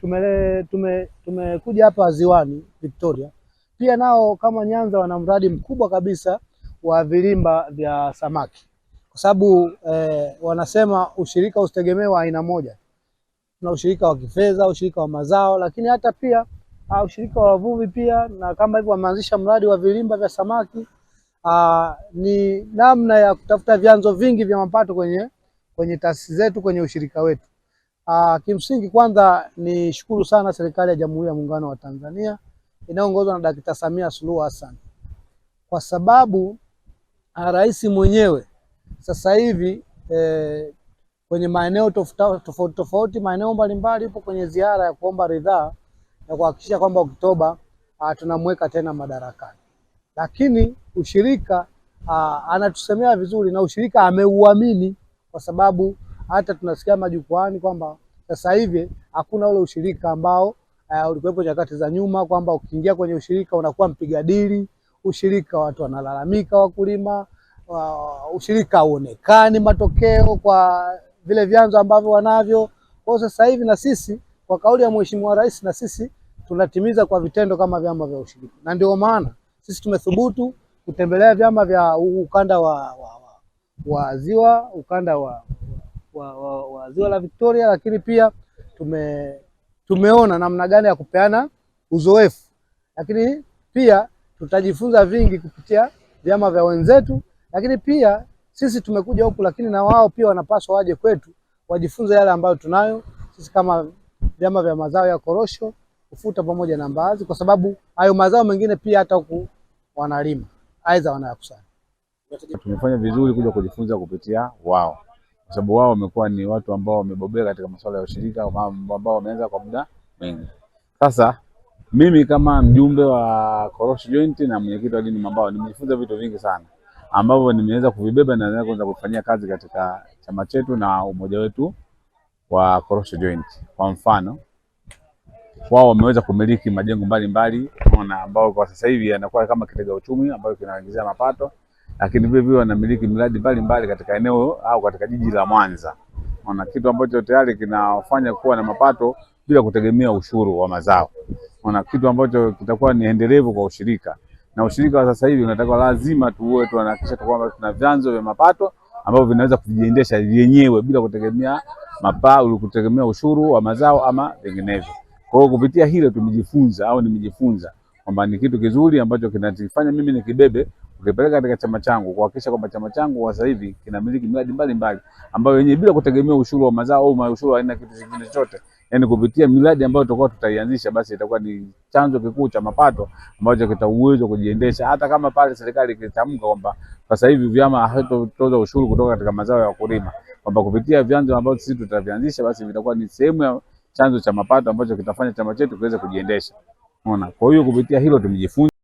Tumekuja tume, tume hapa ziwani Victoria pia nao kama Nyanza wana mradi mkubwa kabisa wa vilimba vya samaki kwa sababu eh, wanasema ushirika usitegemee wa aina moja. na ushirika wa kifedha, ushirika wa mazao, lakini hata pia uh, ushirika wa wavuvi pia, na kama hivyo wameanzisha mradi wa vilimba vya samaki uh, ni namna ya kutafuta vyanzo vingi vya mapato kwenye kwenye taasisi zetu, kwenye ushirika wetu. Aa, ah, kimsingi kwanza ni shukuru sana serikali ya Jamhuri ya Muungano wa Tanzania inayoongozwa na Dakta Samia Suluhu Hassan kwa sababu ah, rais mwenyewe sasa hivi e, kwenye maeneo tofauti tofauti, maeneo mbalimbali, yupo kwenye ziara ya kuomba ridhaa ya kuhakikisha kwamba Oktoba ah, tunamweka tena madarakani, lakini ushirika aa, anatusemea vizuri na ushirika ameuamini kwa sababu hata tunasikia majukwani kwamba sasa hivi hakuna ule ushirika ambao uh, ulikuwepo nyakati za nyuma kwamba ukiingia kwenye ushirika unakuwa mpiga dili. Ushirika watu wanalalamika, wakulima uh, ushirika hauonekani matokeo kwa vile vyanzo ambavyo wanavyo. Kwa sasa hivi na sisi kwa kauli ya Mheshimiwa Rais na sisi tunatimiza kwa vitendo kama vyama vya ushirika, na ndio maana sisi tumethubutu kutembelea vyama vya ukanda wa, wa, wa, wa ziwa ukanda wa wa, wa, wa ziwa la Victoria, lakini pia tume, tumeona namna gani ya kupeana uzoefu, lakini pia tutajifunza vingi kupitia vyama vya wenzetu, lakini pia sisi tumekuja huku, lakini na wao pia wanapaswa waje kwetu wajifunze yale ambayo tunayo sisi kama vyama vya mazao ya korosho, ufuta pamoja na mbaazi, kwa sababu hayo mazao mengine pia hata huku wanalima aidha wanayakusanya. Tumefanya vizuri kuja kujifunza kupitia wao kwa sababu wao wamekuwa ni watu ambao wamebobea katika masuala ya ushirika ambao wameanza kwa muda mwingi. Sasa mimi kama mjumbe wa Korosho Joint na mwenyekiti wa dini Mambao nimejifunza vitu vingi sana ambavyo nimeweza kuvibeba na naweza kuanza kufanyia kazi katika chama chetu na umoja wetu wa Korosho Joint. Kwa mfano, wao wameweza kumiliki majengo mbalimbali ambao kwa sasa hivi yanakuwa kama kitega uchumi ambayo kinaingizia mapato lakini vile vile wanamiliki miradi mbalimbali katika eneo au katika jiji la Mwanza. Ona kitu ambacho tayari kinafanya kuwa na mapato bila kutegemea ushuru wa mazao. Ona kitu ambacho kitakuwa ni endelevu kwa ushirika. Na ushirika wa sasa hivi unatakiwa lazima tuwe tunahakikisha kwamba tuna vyanzo vya mapato ambavyo vinaweza kujiendesha vyenyewe bila kutegemea mapao, kutegemea ushuru wa mazao ama vinginevyo. Kwa hiyo kupitia hilo tumejifunza au nimejifunza kwamba ni kitu kizuri ambacho kinatifanya mimi nikibebe ukipeleka katika chama changu kuhakikisha kwamba chama changu kwa sasa hivi kinamiliki miradi mbalimbali ambayo yenye bila kutegemea ushuru wa mazao au ushuru wa aina kitu kingine chochote, yani kupitia miradi ambayo tutakuwa tutaianzisha, basi itakuwa ni chanzo kikuu cha mapato ambacho kita uwezo kujiendesha, hata kama pale serikali ikitamka kwamba sasa hivi vyama havitotoza ushuru kutoka katika mazao ya wakulima, kwamba kupitia vyanzo ambavyo sisi tutavianzisha, basi vitakuwa ni sehemu ya chanzo cha mapato ambacho kitafanya chama chetu kiweze kujiendesha. Unaona, kwa hiyo kupitia hilo tumejifunza